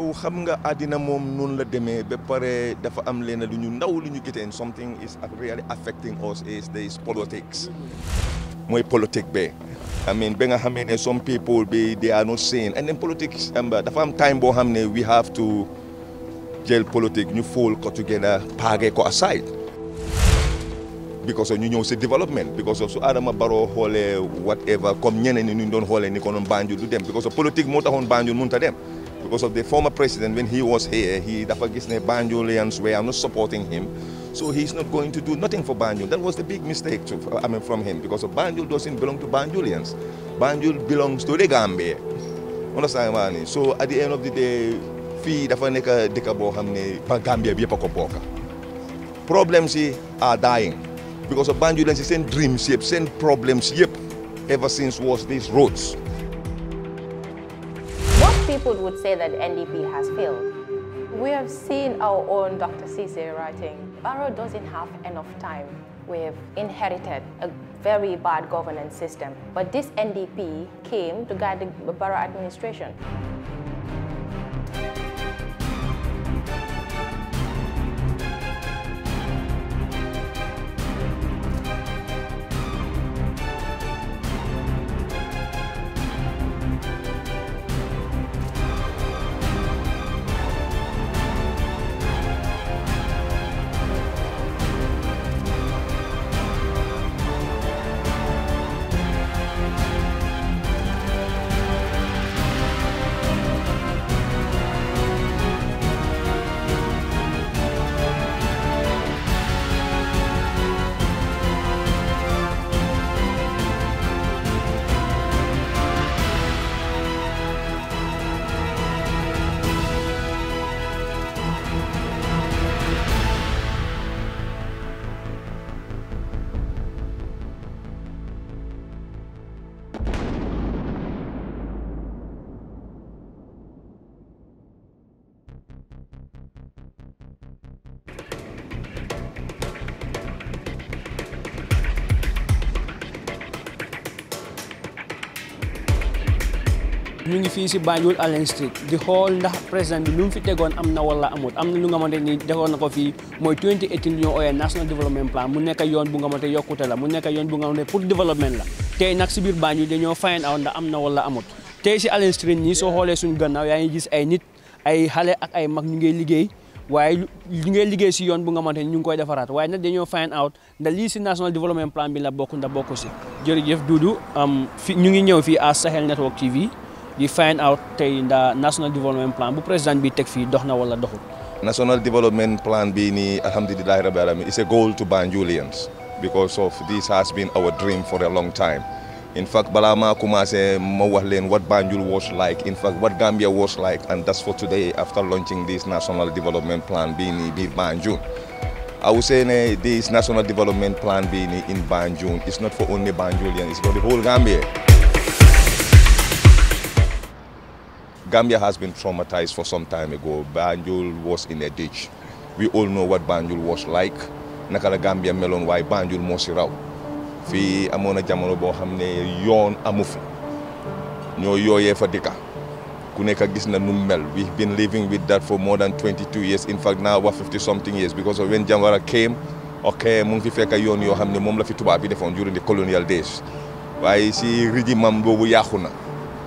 waaw xam nga àddina moom noonu la demee ba pare dafa am leen lu ñu ndaw lu ñu giteen something is really affecting us is this politics mooy politique be I mean ba nga xamee ne some people be they are not sane and then politics am dafa am time boo xam ne we have to jël politique ñu fool ko together paage ko aside because ñu ñëw si développement because su Adama Barrow xoolee whatever comme ñeneen ñi ñu doon xoolee ni ko noon Banjul du dem because politique moo taxoon Banjul mënut a dem because of the former president when he was here, he Dapagisne Banjulians were not supporting him. So he's not going to do nothing for Banjul. That was the big mistake to, I mean, from him because Banjul doesn't belong to Banjulians. Banjul belongs to the Gambia. Understand what So at the end of the day, fee dafa nekk dëkk boo xam ne ba Gambia bi yëpp a ko problems are dying because of Banjulians They seen dreams yëpp seen problems yep. ever since was these roads people would say that NDP has failed. We have seen our own Dr. Cisse writing, Barrow doesn't have enough time. We've inherited a very bad governance system, but this NDP came to guide the Barrow administration. ñu ngi fii si Banjul Allen Street di xool ndax président bi fi tegoon am na wala amut am na lu nga xamante ni defoon na ko fii mooy 2018 ñoo nekk yoon bu nga xamante yokkute la mu nekk yoon bu nga xamante pour na wala amut tey si Allen Street suñu gannaaw yaa ngi ay nit ay xale ay mag ñu ngay liggéey waaye ñu liggéey si yoon bu nga xamante ni ñu ngi koy defaraat waaye dañoo find out ndax lii si bokk ndax bokk si jërëjëf ñu ngi ñëw fii à Sahel Network TV You find out tey nda national development plan bu président bi teg fii dox na wala doxul. national development plan bii nii Alhamdulillah, rabbil alamin is a goal to Banjulians because of this has been our dream for a long time. In fact, Balama Kumase Mawahlen, what Banjul was like, in fact, what Gambia was like, and that's for today after launching this National Development Plan Bini Bi Banjul. I would say this National Development Plan Bini in Banjul is not for only Banjulians, it's for the whole Gambia. Gambia has been traumatized for some time ago. Banjul was in a ditch. We all know what Banjul was like. Nakala Gambia melon why Banjul moo si raw fii amoon jamono boo xam ne yoon amu fi fa dikka ku nekk gis na nu mel we've been living with that for more than 22 years in fact now we're 50 something years because of when Jawara came ok mu ngi fi fekk yoon yoo xam ne la fi bi during the colonial days waaye si ridi am yahuna?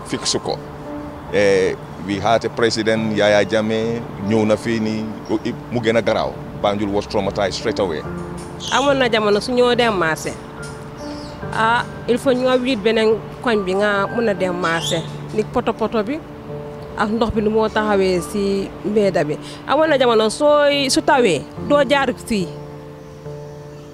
Fixuko. fix ko Eh, we had a president Yaya Jammeh ñëw na fii nii mu gën a garaaw Banjul was traumatized straight away. amoon na jamono su ñoo dem marché ah il faut ñu wiit beneen koñ bi nga mun a dem marché ni poto poto bi ak ndox bi nu moo taxawee si mbéeda bi amoon na jamono sooy su tawee doo jaar si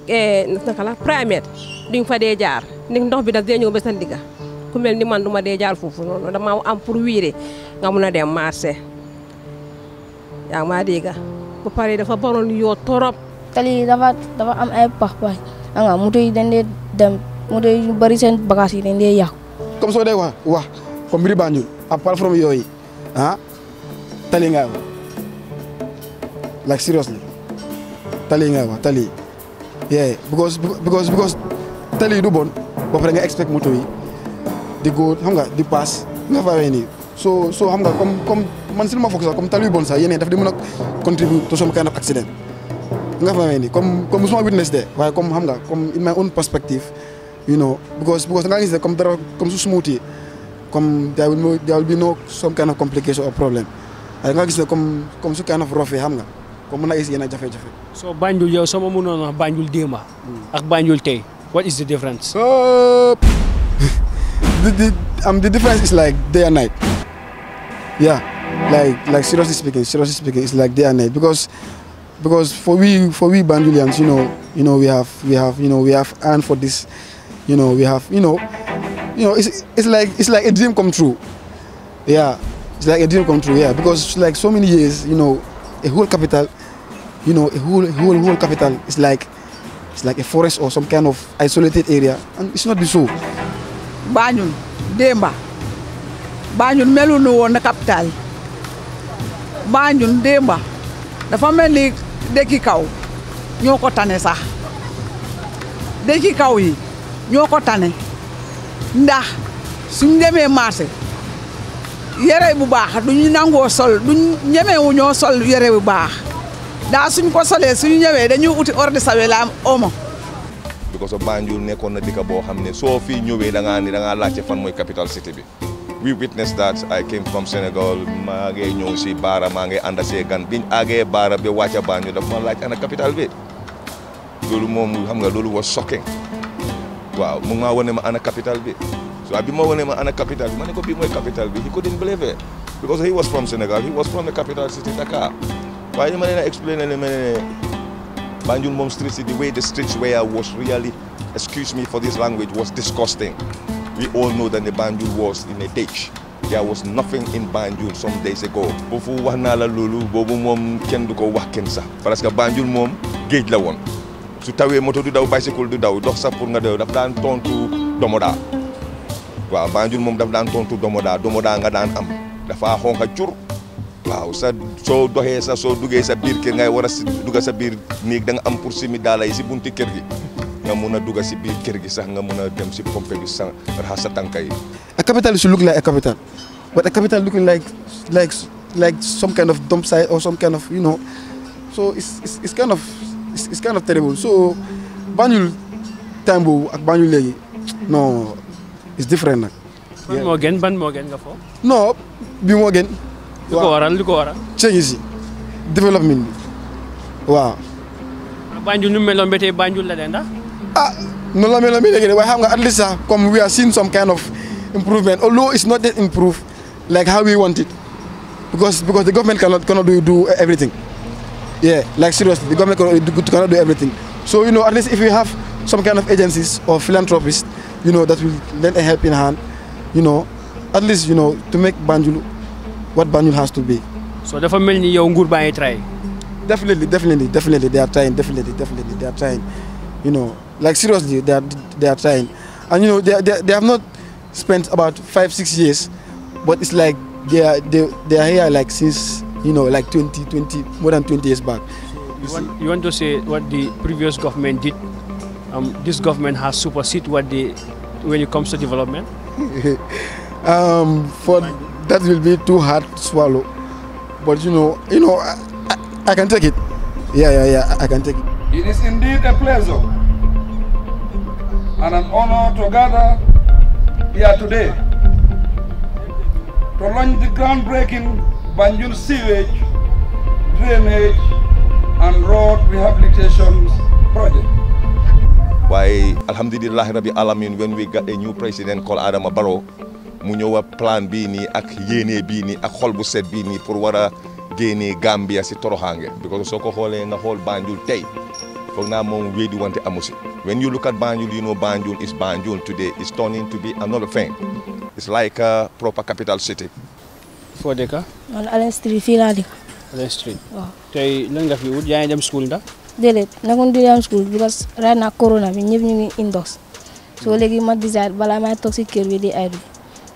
eh, naka la première duñ fa dee jaar ni ndox bi daf dee ñëw ba sa ndigga ku melni man duma de jaar foofu non dama am pour wiré nga mëna dem marché yaa maa dégga ko paré dafa baroon yo torop tali dafa dafa am ay pax pax nga moto yi dañ dee dem moto yu bari sen bagage yi dañ dee yàqu comme so dee wax wax comme mbiri a apart from yooyu ah tali nga like seriously tali nga wax tali yeah because because because tali du bon ba pare nga expect moto yi di goal xam nga di pass nga fa wéni so so xam nga comme comme man seulement lu sa comme tali bon sax yene daf di mëna contribute to some kind of accident nga fa wéni comme comme sama witness de waaye comme xam nga comme in my own perspective you know because because nga gis ne comme dara comme su smooth comme there will, there will be no some kind of complication or problem ay nga gis ne comme comme su kind of rough xam nga comme mën a gis jafe-jafe so Banjul yow sama mënon wax Banjul déma ak Banjul tay what is the difference uh, the, the, um, the difference is like day and night. Yeah, like like seriously speaking, seriously speaking, it's like day and night because because for we for we Bandulians, you know, you know we have we have you know we have earned for this, you know we have you know, you know it's it's like it's like a dream come true. Yeah, it's like a dream come true. Yeah, because like so many years, you know, a whole capital, you know, a whole whole whole capital is like it's like a forest or some kind of isolated area, and it's not so. Banjul démba Banjul melu woon na capital Banjul démba dafa mel ni dëkki kaw ñoo ko tane sax dëkki kaw yi ñoo ko tane ndax suñ demee marché yére bu baax duñu nangoo sol duñ ñemewu ñoo sol yére bu baax daa suñ ko solee suñu ñëwee dañuy uti ordre de service la omo because of Banjul nekkoon na dëkk boo xam ne soo fi ñëwee da ngaa ni da ngaa laajte fan mooy capital bi. we witnessed I came from Senegal maa ngi ñëw si Baara maa ngi ànd gan biñ àggee Baara bi wàcc a Banjul daf ma laaj ana capital bi loolu moom xam nga loolu was shocking waaw mu ngi maa wane ma capital bi. so bi ma wane ma ana capital bi ma ne ko bii mooy capital bi he couldn't believe it because he was from Senegal he was from the capital city Dakar waaye ma leen a explain leen Banjul Mom Street, the way the streets were was really, excuse me for this language, was disgusting. We all know that the Banjul was in a ditch. There was nothing in Banjul some days ago. Bofu wahnala lulu, bobo mom kendo du ko wax ken Banjul mom gate la one. Su tawé moto do daw bicycle do daw dox pour nga daw daf tontu domoda. Wa Banjul mom daf daan tontu domoda, domoda nga daan am. Dafa xonka ciur waaw sa soo doxee sa soo duggee sa biir kër ngay war a si dugga sa biir néeg da nga am pour simi daala yi si bunti kër gi nga mun a dugga si biir kër gi sax nga mun a dem si pompe bi sa sa tànka yi a look like a capital but a capital looking like like like some kind of dump site or some kind of you know so it's it's, it's kind of it's, it's kind of terrible so banyul time boobu ak Banjul léegi non it's different nag ban moo gën ban moo gën nga fo non bi moo gën lu Development. Wow. lu ko waral. ceeñi Banjul nu meloon ba Banjul la de ah no, la meloon bi léegi de at least sax we are seeing some kind of improvement although it's not that improved like how we want it because because the government cannot cannot do do everything yeah like seriously the government cannot do, cannot do everything so you know at least if we have some kind of agencies or philanthropists you know that will lend a helping hand you know at least you know to make Banjul what Banjul has to be. So the family is yow nguur try. Definitely, definitely, definitely they are trying. Definitely, definitely they are trying. You know, like seriously, they are they are trying, and you know they they, they have not spent about five six years, but it's like they are they, they are here like since you know like 20 20 more than 20 years back. You, you, want, you want to say what the previous government did um, this government has superseded what the when it comes to development? um, for that will be too hard to swallow. But you know, you know, I, I, I can take it. Yeah, yeah, yeah, I, I can take it. It is indeed a pleasure and an honor to gather here today to launch the groundbreaking Banjul sewage, drainage, and road rehabilitation project. Why, Alhamdulillah Rabbi Alamin, when we got a new president called Adam Barrow, mu ñëw a plan bii nii ak yéene bii nii ak xol bu set bii nii pour war a génnee Gambia si toroxaange because soo ko xoolee nga xool Banjul tey foog naa moom wéedi wante amu si when you look at Banjul you know Banjul today is turning to be another thing it's like proper capital city foo dëkka man Allen Street fii laa dëkk Allen Street waaw tey lan nga fi wut yaa ngi dem school ndax déedéet nagoon di dem school because right now corona bi ñëpp ñu ngi indoors soo léegi ma désire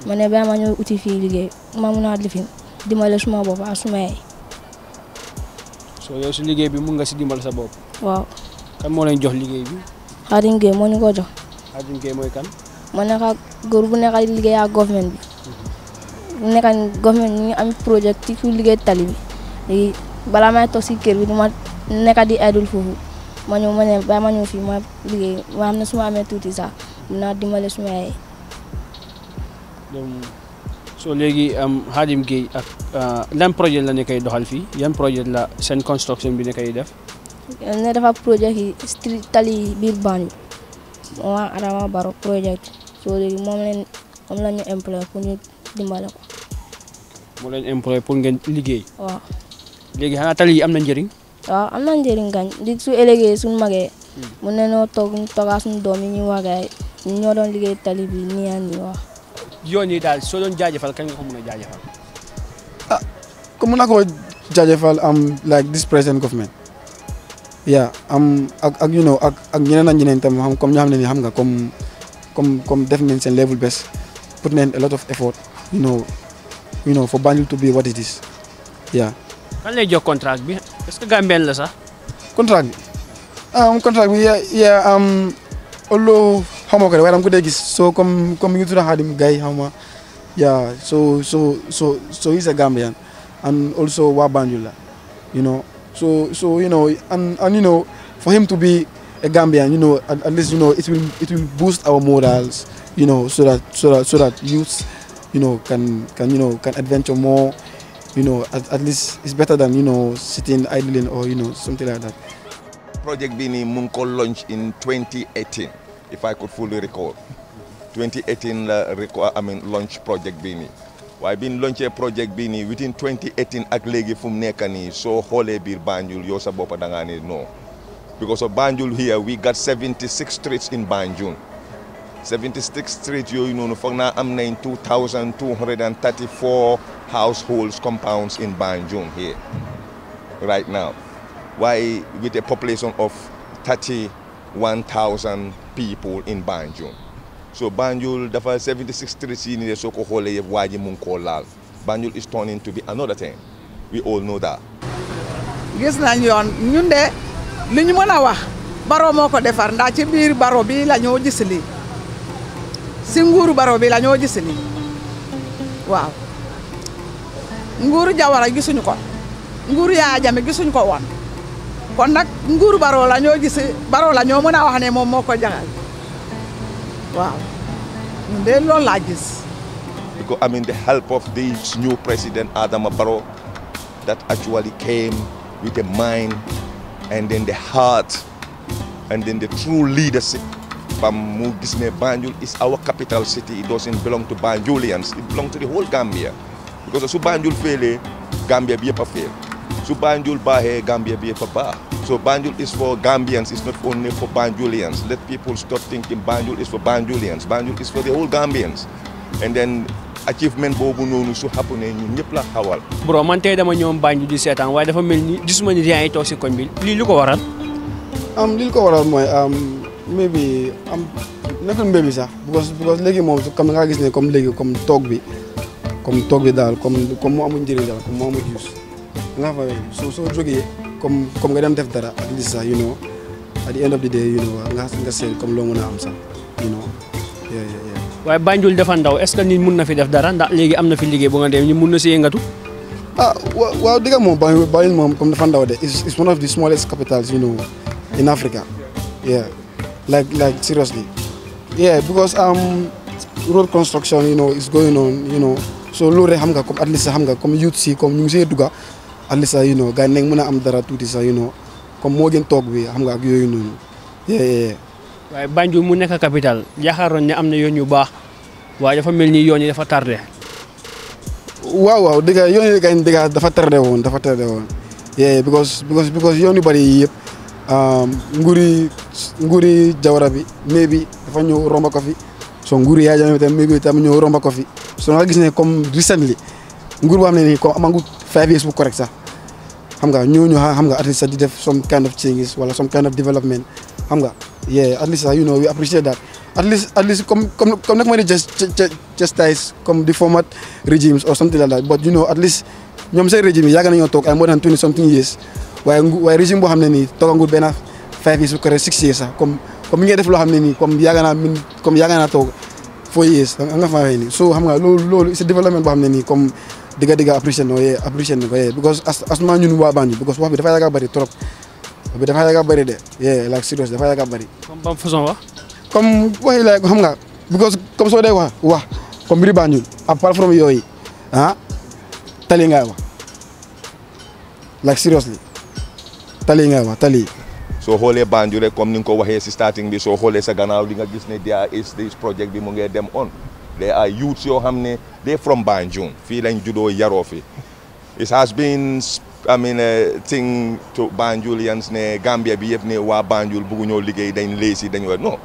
ma ne ba ma ñëw uti fii liggéey ma mun a lifin dimbale suma bopp ak suma yaay. soo yow si liggéey bi mun nga si dimbal sa bopp. waaw. kan moo leen jox liggéey bi. Xaadim Gueye moo ñu ko jox. Xaadim ma nekk ak góor bu nekk di liggéey ak government bi. bu nekk government ñu ngi am projet ci liggéey tali bi léegi bi ma nekk di aidul foofu ma ñëw ma ne ba ma ñëw fii ma liggéey ma xam ne su amee tuuti sax mun naa dimbale suma yaay. so so am hadim Gueye ak euh, lan projet la nekkay doxal fi yan projet la sen construction bi nekkay def ne dafa projet yi street tali biir Banjul waa arama baro projet so legui mom len am lañu ñu employé pour ñu dimbalé ko mo len employé pour ngeen liggéey wa legui xanaa tali am na njëriñ wa am na njëriñ gañ di su ëllëgee suñ magee hmm. mun nañoo toog ñu toogaa suñ doom ñu wagaay ñoo doon liggéey tali bi nii ak nii yoon yi daal soo doon jaajëfal kan nga ko mën a jaajëfal. ah am like this present government yeah am ak ak you know ak ak ñeneen ak ñeneen tam xam comme ñoo xam ne nii xam nga comme comme comme def seen level best put nañ a lot of effort you know you know for Banjul to be what it is yeah. kan lay jox contrat bi est-ce que Gambien la sax. contrat bi ah contrat bi yeah yeah am although so come, come, you to the Hadim guy. How ma yeah so so so so he's a Gambian and also Wabangula. you know so so you know and and you know for him to be a Gambian you know at, at least you know it will it will boost our morals you know so that so that so that youth, you know can can you know can adventure more you know at, at least it's better than you know sitting idling or you know something like that. project being in Munko launched launch in 2018 if I could fully recall 2018 I mean launch project bini. Why I've been launching project bini within 2018 ak léegi fu mu so nii soo xoolee biir Banjul yow sa because of Banjul here we got 76 streets in Banjul 76 streets you know, foog naa am 2234 households compounds in Banjul here right now Why, with a population of 30. 1000 people in Banjul so Banjul dafa 76 streets yi soo ko xoolee yëpp waa ji mu ngi koo laal Banjul is turning to be another thing we all know that. gis nañ yoon ñun de li ñu mën a wax baro moo ko defar ndax ci biir baro bi la ñoo si nguuru baro bi la ñoo gis lii waaw nguuru gisuñu ko nguuru Yaaya Jammeh gisuñu ko woon. kon nag nguuru Barrow la ñoo gis la ñoo wax ne jaxal waaw ñun de gis. because I mean the help of this new president Adama Barrow that actually came with a mind and then the heart and then the true leadership. Bam mu gis ne Banjul is our capital city it doesn't belong to Banjulians it belongs to the whole Gambia because su Banjul félee Gambia bi yëpp a so Banjul Bahe Gambia be for Bah. So Banjul is for Gambians, it's not only for Banjulians. Let people stop thinking Banjul is for Banjulians. Banjul is for the whole Gambians. And then achievement Bobu noonu su happenee ñun ñëpp la xawal. bro man tey dama ñëw Banjul di seetaan waaye dafa mel ni gisuma ni yaa ngi toog si koñ bi lii lu ko waral. am li ko waral mooy mbéy bi am nekkul mbéy bi sax because because léegi moom comme nga gis ne comme léegi comme toog bi comme toog bi daal comme comme mu amul njëriñ daal comme mu amul jus. nga xam ne soo soo jógee comme comme nga dem def dara at least sax you know at the end of the day you know nga comme loo mën a am sax you know waaye Banjul dafa ndaw mun na fi def dara ndax léegi am na fi liggéey bu nga mun na si yëngatu. ah waaw waaw dëgg comme dafa ndaw de it's one of the smallest capitals you know in Africa yeah like like seriously yeah because um road construction you know is going on xam nga comme at least nga comme youth si comme ñu ngi see dugga andi sa uh, you know gars yi am dara tuuti uh, sa you know comme moo gën toog bi xam nga ak non ye ye way banjou mu nek capital yaakaaroon ne am na yoon yu baax waaye dafa melni ni yoon yi dafa tardé waaw waaw diga yoon yi kañ dafa tardé won dafa tardé won ye because because because yoon yu yep um nguri nguri nguuri jawara bi maybe dafa ñëw romba ko fi so nguri ya jame tam maybe tam ñëw romba ko fi so nga gis ne comme recently nguur boo xam ne nii comme amangu five years bu correct sax xam nga ñooñu xam nga at least sax di def some kind of changes wala some kind of development xam nga yeah at least sax you know we appreciate that at least at least comme comme comme nag ma ne just chastise comme the former regimes or something like that but you know at least ñoom seen régime yi yàgg nañoo toog ay more than twenty something years waaye waaye régime boo xam ne nii toog a nguur benn five years bu correct six years sax comme comme mi ngay def loo xam ne nii comme yàgg naa min comme yàgg naa toog four years nga fa waxee nii so xam nga loolu loolu c'est développement boo xam ne nii comme diga diga appreciate no ye appreciate no ye because as as ma ñun wa banju because wax bi dafa yaga bari trop bi dafa yaga bari de ye like serious dafa yaga bari comme bam façon wax comme way la xam nga because comme so day wax wax comme bi banju apart from yoy ha ah, tali nga wax like seriously tali nga wax tali so hole banju rek comme ni ko waxe ci starting bi so hole sa ganaw li nga gis ne dia is this project bi mo ngi dem on they are si yoo xam ne de from Banjul fii lañ juddoo yaroo fi it has been I mean thing to Banjulians ne Gambia bi yëpp ne waa Banjul bugguñoo liggéey dañ lazy dañ war no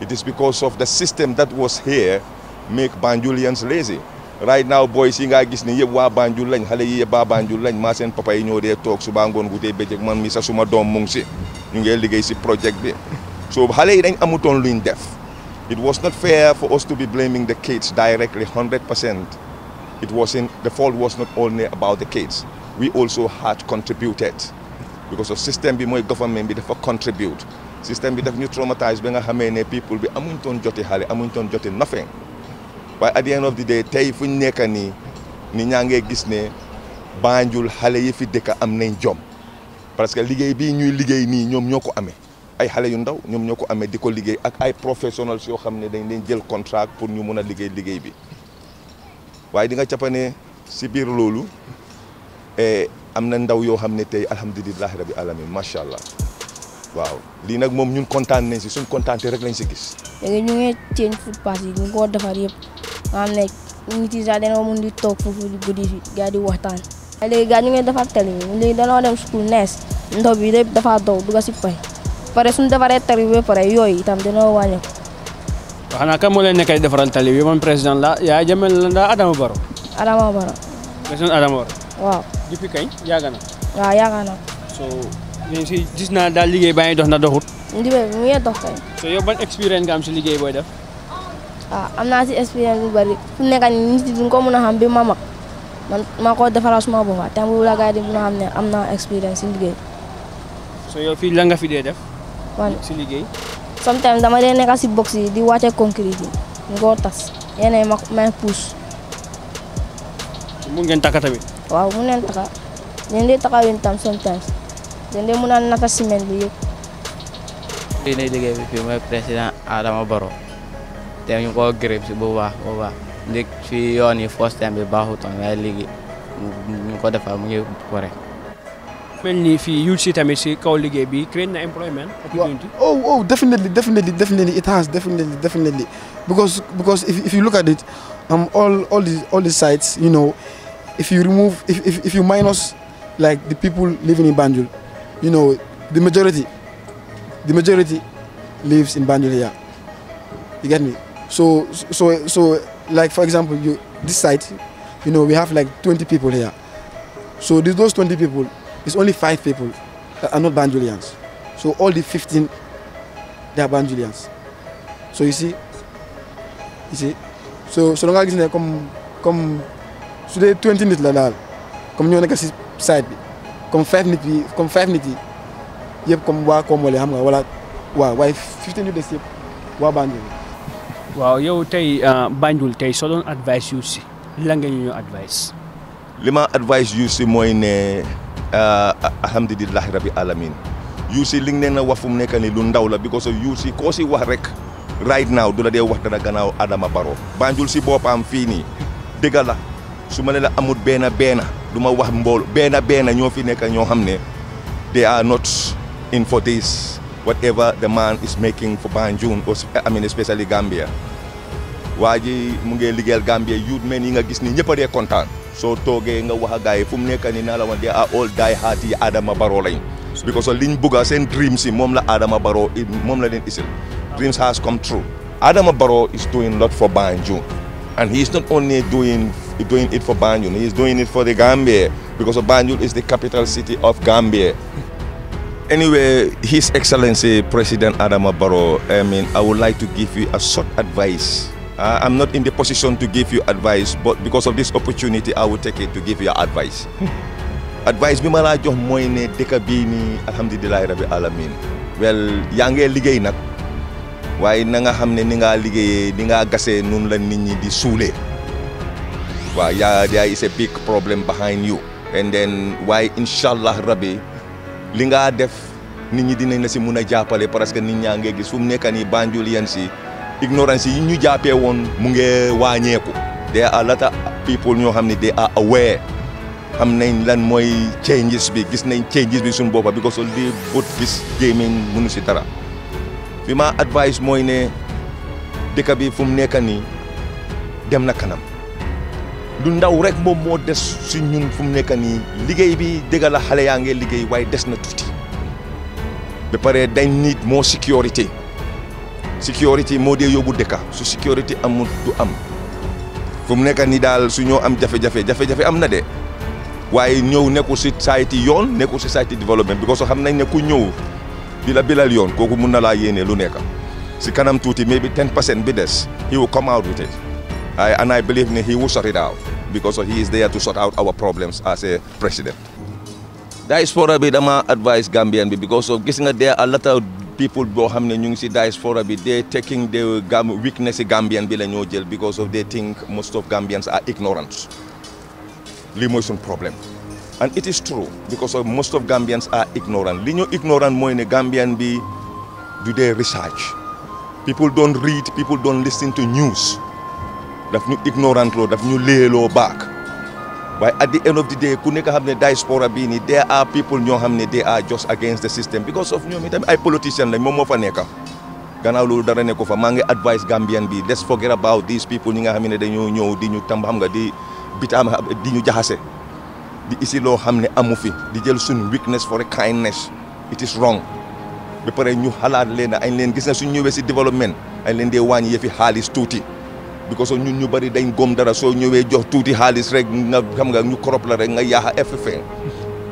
it is because of the system that was here make Banjulians lazy right now boys yi ngaa gis ni yëpp waa Banjul lañ xale yi yëpp waa Banjul lañ maa seen papa yi ñoo dee toog suba ngoon gudee bëccëg man mi sa suma doom mu ngi si ñu ngi liggéey si projet bi so xale yi dañ lu luñ def It was not fair for us to be blaming the kids directly 100%. It wasn't, the fault was not only about the kids. We also had contributed because of system bi mooy government bi dafa contribute system bi daf ñu traumatized ba nga people We amuñ toon joti xale amuñ joti nothing But at the end of the day tell fu ñu nekk ni ñaa ngee Banjul hale yi deka dëkk jom parce que liggéey ñuy ay xale yu ndaw ñoom ñoo ko amee di ko liggéey ak ay professionnels yoo xam ne dañ leen jël contrat pour ñu mun a liggéey liggéey bi waaye di nga capane si biir loolu eh, am na ndaw yoo xam ne tey alhamdulilahi rabi alamin macha allah waaw lii nag moom ñun kontaan nañ si suñ kontaante rek lañ si gis. léegi ñu ngi change foot pass yi ñu ko defar yëpp maanaam léegi nit yi sax dañoo mun di toog foofu di guddi gaa di waxtaan. léegi gaa ñu ngi defar tali pare suñu defaree tali bi ba pare yooyu itam dina wàññeeku. waaw xanaa kan moo leen nekkee defaral tali bi man président la Yaya Jammeh la Adama Barrow. Adama Barrow. président Adama Barrow. waaw depuis kañ yàgg na. waaw yàgg na. gis naa daal liggéey baa ngi dox na doxut. liggéey bi mu ngi dox kay. so yow liggéey booy def. waaw ah, si bu bari fu mu nekk ko mën a xam bi ma mag ma koo ko defaral suma bopp tam bu la gars di mën a xam ne am naa expérience si liggéey bi. so yow fii la nga fi dee def. sometimes dama dee nek ci box yi di wàcce concrete yi ngoo tas yene ma ma pousse mu ngén takata bi waaw mu ngeen taka ñen dee taka win tam sometimes dañ dee mu nan naka semaine bi yépp fii ne ligé bi fi moy président Adama Barrow té ñu ko grève ci bu baax bu baax ndik fii yoon yi first time bi tam way ligé ñu ko défa mu ngi correct mel ni fii youth si tamit si kaw liggéey bi créé na employment opportunity oh oh definitely definitely definitely it has definitely definitely because because if, if you look at it um all all the all the sites you know if you remove if, if, if you minus like the people living in Banjul you know the majority the majority lives in Banjul here you get me so so so like for example you this site you know we have like 20 people here so those 20 people It's only five people that are not Banjulians. So all the 15, they are Banjulians. So you see, you see, so so long as you come, come, so they 20 minutes la daal comme ñoo nekk si side bi comme 5 nit bi comme 5 nit yi come comme waa Komole xam nga wala waaw waaye 15 yu des yëpp waa Banjul. waaw yow tey uh, Banjul tey soo doon advice you see. la nga ñu advice. li ma advice yu si mooy ne. Eh, alhamdulillah rabbi alamin yusi see, nga leen a wax fu lu ndaw la because yusi ko si wax rek right now dula de wax dara ganaw Adama baro Banjul si bopam fi ni degal la suma ma la amut bena bena duma wax mbol bena bena ño fi nekk ño xamne they are not in for this whatever the man is making for Banjul I mean especially Gambia waji ji mu Gambia youth men yi nga gis ni ñëpp a dee so soo toogee nga wax a gars yi fu mu la wax de a all die hard yi Adama Barrow lañ because liñ bugga seen dream si Momla la Adama Baro, momla la leen isil dreams has come true Adama Baro is doing lot for Banjul and he is not only doing doing it for Banjul he is doing it for the Gambia because Banjul is the capital city of Gambia anyway, His Excellency President Adama Baro, I mean, I would like to give you a short advice Uh, am not in the position to give you advice but of this opportunity I will take it to give you advice advice bi malaa jox mooy ne dëkk bii nii alhamdulilahi rabi alamin wel yaa ngee liggéey nag waaye nanga nga xam ne ni ngaa liggéeyee ni ngaa gasee noonu la nit ñi di suulee waaw yaa yaa is a big problem behind you and then waaye incha allah rabi li ngaa def nit ñi dinañ la si mun a jàppale parce que nit ñaa ngee gis fu mu nekk si ignorance yi ñu jàppee woon mu ngi wàññeeku they are a lot of ñoo xam ne they are aware xam nañ lan mooy changes bi gis nañ changes bi suñu boppa bi ko sol li bët gis jéemeñ mënu si dara fi ma advice mooy ne dëkk bi fu mu nekk nii dem na kanam lu ndaw rek moom moo des si ñun fu mu nekk nii liggéey bi dëgg la xale yaa ngi liggéey waaye des na tuuti ba pare dañ nit moo sécurité Security model yogurt deka dëkka su sécurité amul du am fum nek ni dal su am jafe-jafe jafe-jafe am na Why new ñëw nekkul society yoon nekkul society development because xam nañ ne ku ñew di la bilal yoon koku mën na la yéné lu nek ci kanam touti maybe 10 percent bi he will come out with it I, and I believe ne he will sort it out because he is there to sort out our problems as a president diaspora bi dama advice Gambian bi because of gis nga there a lot of people boo xam ne ñu ngi si diaspora bi they taking the gam weakness si Gambian bi la ñoo jël because of they think most of Gambians are ignorant lii mooy suñ problème and it is true because of most of Gambians are ignorant li ñu ignorant mooy ne Gambian bi du dee research people don't read people don't listen to news daf ñu ignorant loo daf ñu léeloo baak waaye at the end of the day ku nekk xam ne diaspora bii nii there are people ñoo xam ne they are just against the system because of ñoom itam ay politician lañ moom moo fa nekk gannaaw loolu dara nekku fa maa ngi advice Gambian bi let's forget about these people ñi nga xam ne dañoo ñëw di ñu tam xam nga di bitaam di ñu jaxase di isi loo xam ne amu fi di jël suñu weakness for a kindness it is wrong ba pare ñu xalaat leen añ leen gis na suñ ñëwee si développement añ leen dee wàññi yëfi xaalis tuuti because ñun ñu bari dañ gom dara so ñëwé jox touti xaliss rek nga xam nga ñu crop la rek nga yaa FF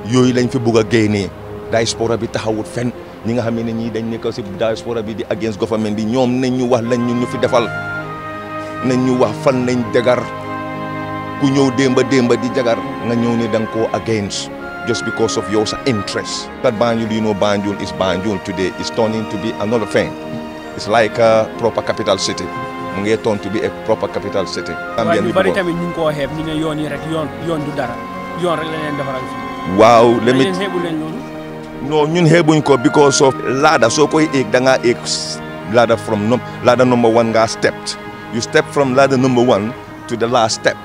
yoy lañ fi bëgga a diaspora bi taxawut fen ñi nga xamé ni ñii dañ nekk ci diaspora bi di against government bi ñom nañ ñu wax lañ ñu fi defal nañ ñu wax fan lañ jagar ku ñëw demba demba di jagar nga ñëw ni dang ko against just because of your interest. But Banjul, you know, Banjul is Banjul today. is turning to be another thing. It's like a proper capital city. mu ngee tontu bi a proper capital city. Gambien bi bari tamit ñu ngi koo xeeb ñu ne yoon yi rek yoon yoon du dara yoon rek la leen defaral fii. waaw léegi because of ladder. So, koy éeg da ngaa éeg laada from num laada number one ngaa stepped you step from ladder number one to the last step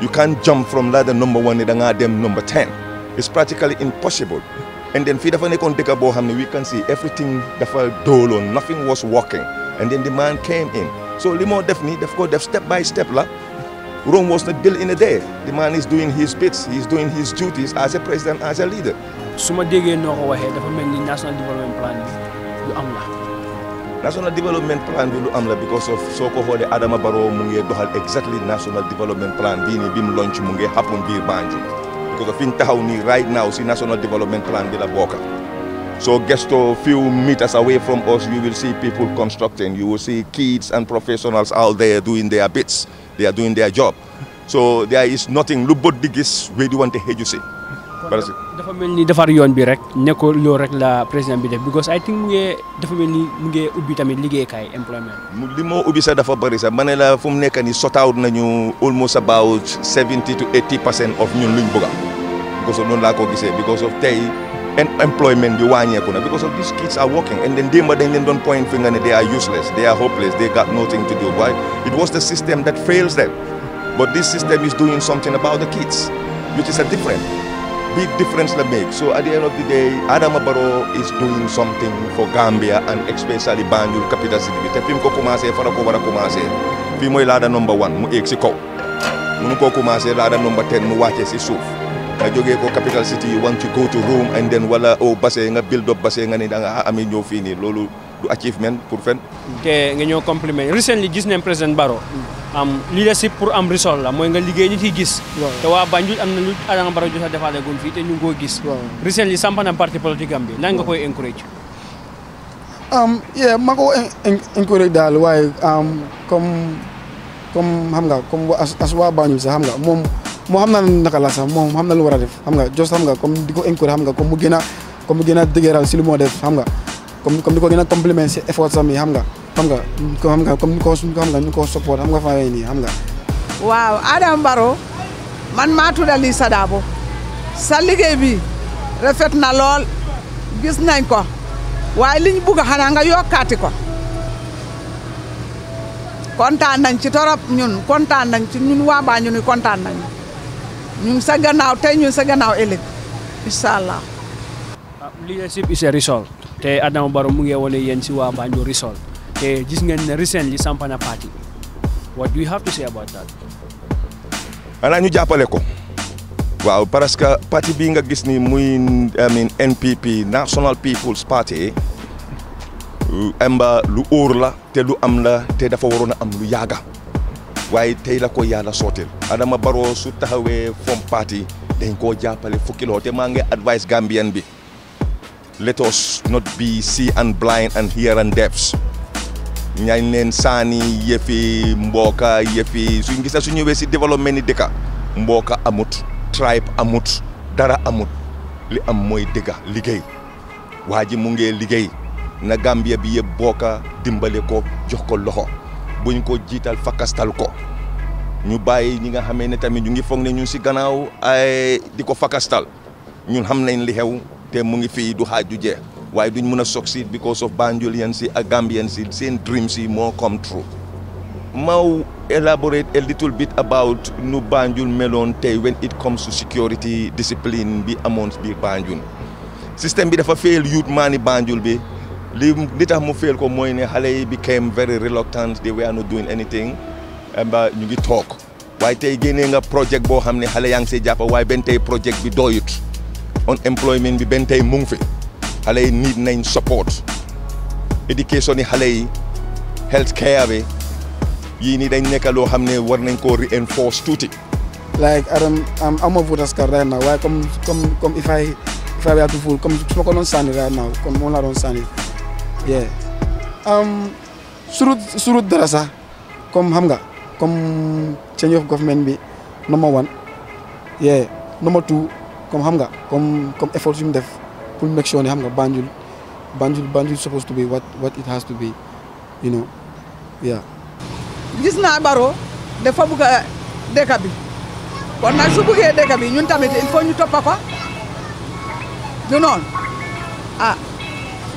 you can't jump from ladder number one ne dem number ten it's practically impossible. and then fii dafa nekkoon dëkk boo xam we can see everything dafa dooloon nothing was working and then the man came in. So moo def ni def ko def step by step la. Rome was not built in a day. The man is doing his bits, he's doing his duties as a president, as a leader. su ma déggee noo ko waxee dafa mel ni national plan bi lu am la. national development plan bi lu am la because of soo ko xoolee Adama Barrow mu ngi doxal exactly national development plan bii nii bi mu lonc mu ngi xàppoon biir Banjul because of fi ñu taxaw nii right now si national development So just a few meters away from us, you will see people constructing. You will see kids and professionals out there doing their bits. They are doing their job. So there is nothing lu bët di gis weddiwante xëju si. parce que dafa mel ni defar yoon bi rek nekkul loolu rek la président bi because I think mu ngi dafa mel ni mu ngi ubbi tamit liggéeykaay employment. li moo ubbi sax dafa bëri sax ma ne la fu mu nekk nii sotaawut nañu almost about 70 to 80 percent of ñun luñ because of noonu laa because of tey. And employment you want because of these kids are working and then they but then don't point finger and they are useless they are hopeless they got nothing to do why it was the system that fails them but this system is doing something about the kids which is a different big difference they make so at the end of the day Adam is doing something for Gambia and especially Banjul capital city bi te ko commencé fa la ko war commencé fii mooy laada number one mu éeg si commencé number ten mu si suuf nga jógee ko capital city you want to go to Rome and then wala au Basse nga build up Basse nga ne da nga amee ñëw nii loolu du achievement pour fen te nga ñoo compliment recently gis nañ président Barrow am leadership pour am result la mooy nga liggéey nit yi gis te waa Banjul am na lu Adama Barrow jot a defaale gun fii te ñu koo gis recently samp na parti politique am bi nan nga koy encourage am um, yeah ma ko encourage daal waaye am um, comme comme xam nga comme as waa Banjul sax moom mo xamna naka la sax moom xamna na lu wara def xam nga jox xam nga comme di ko encourage xam nga comme mu gëna comme mu gëna dëgëral lu mo def xam nga comme comme di ko compliment ci effort sam yi xam nga xam nga xam nga comme ni sun xam nga support xam nga fa nii xam nga waaw adam baro man maa tudd Lisa Dabo sa liggéey bi rafet na lol gis nañ ko waye liñ bëgg xana nga yokati ko kontan nañ ci torop ñun kontan nañ ci ñun nañ ñun sa gannaaw tey ñun sa gannaaw ëllëg incha allah. Ah, leadership is a te Adama Barrow mu ngi wane yéen si waa Banjul result te gis ngeen ne recently samp na parti what do you have to say about that. ñu jàppale ko. waaw parce que parti bii nga gis ni muy I mean NPP National People's Party. amba lu óor la te lu am la te dafa waroon a am lu yàgga waaye tey la ko yàlla sootil Adama Barrow su taxawee fom parti dañ koo jàppale fukki loxo te maa ngi advice Gambian bi let us not be see and blind and hear and deaf ñañ saani yëfi mbooka yëfi suñ gis na su ñëwee si développement ni dëkka mbooka amut tribe amut dara amut li am mooy dëgga liggéey waa ji mu liggéey na Gambia bi yëpp booka dimbale ko jox ko loxo buñ ko jiital fakastal ko ñu bàyyi ñi nga xamee ne tamit ñu ngi foog ne ñun si gannaaw ay di ko fakastal ñun xam nañ li xew te mu ngi fii du xaaju jeex waaye duñ mën a succeed because of Banjulian si ak Gambian si seen dream si moo come true Mao elaborate a little bit about nu Banjul meloon tey when it comes to security discipline bi amoon biir Banjul système bi dafa fail youth maa ni bi li li tax mu became very reluctant they were not doing anything ba ñu ngi toog waaye tey nga project boo xam ne xale yaa why see project bi unemployment bi benn tey mu need nañ support education yi xale yi health care bi yii nii dañ nekk loo xam ne war nañ koo reinforce i like i am a voters card right now Why come come come if I if I were to vote come su ma ko doon right now come on laa doon yeah surut um, surut dara sax xam nga comme change of government bi number one yeah number two comme xam nga comme comme effort yu mu def pour make sure ne nga Banjul Banjul Banjul supposed to be what it has to be you know yeah. gis naa Barrow dafa bëgg a dëkk bi kon nag su bëggee dëkk bi ñun toppa ko du noonu ah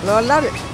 loolu la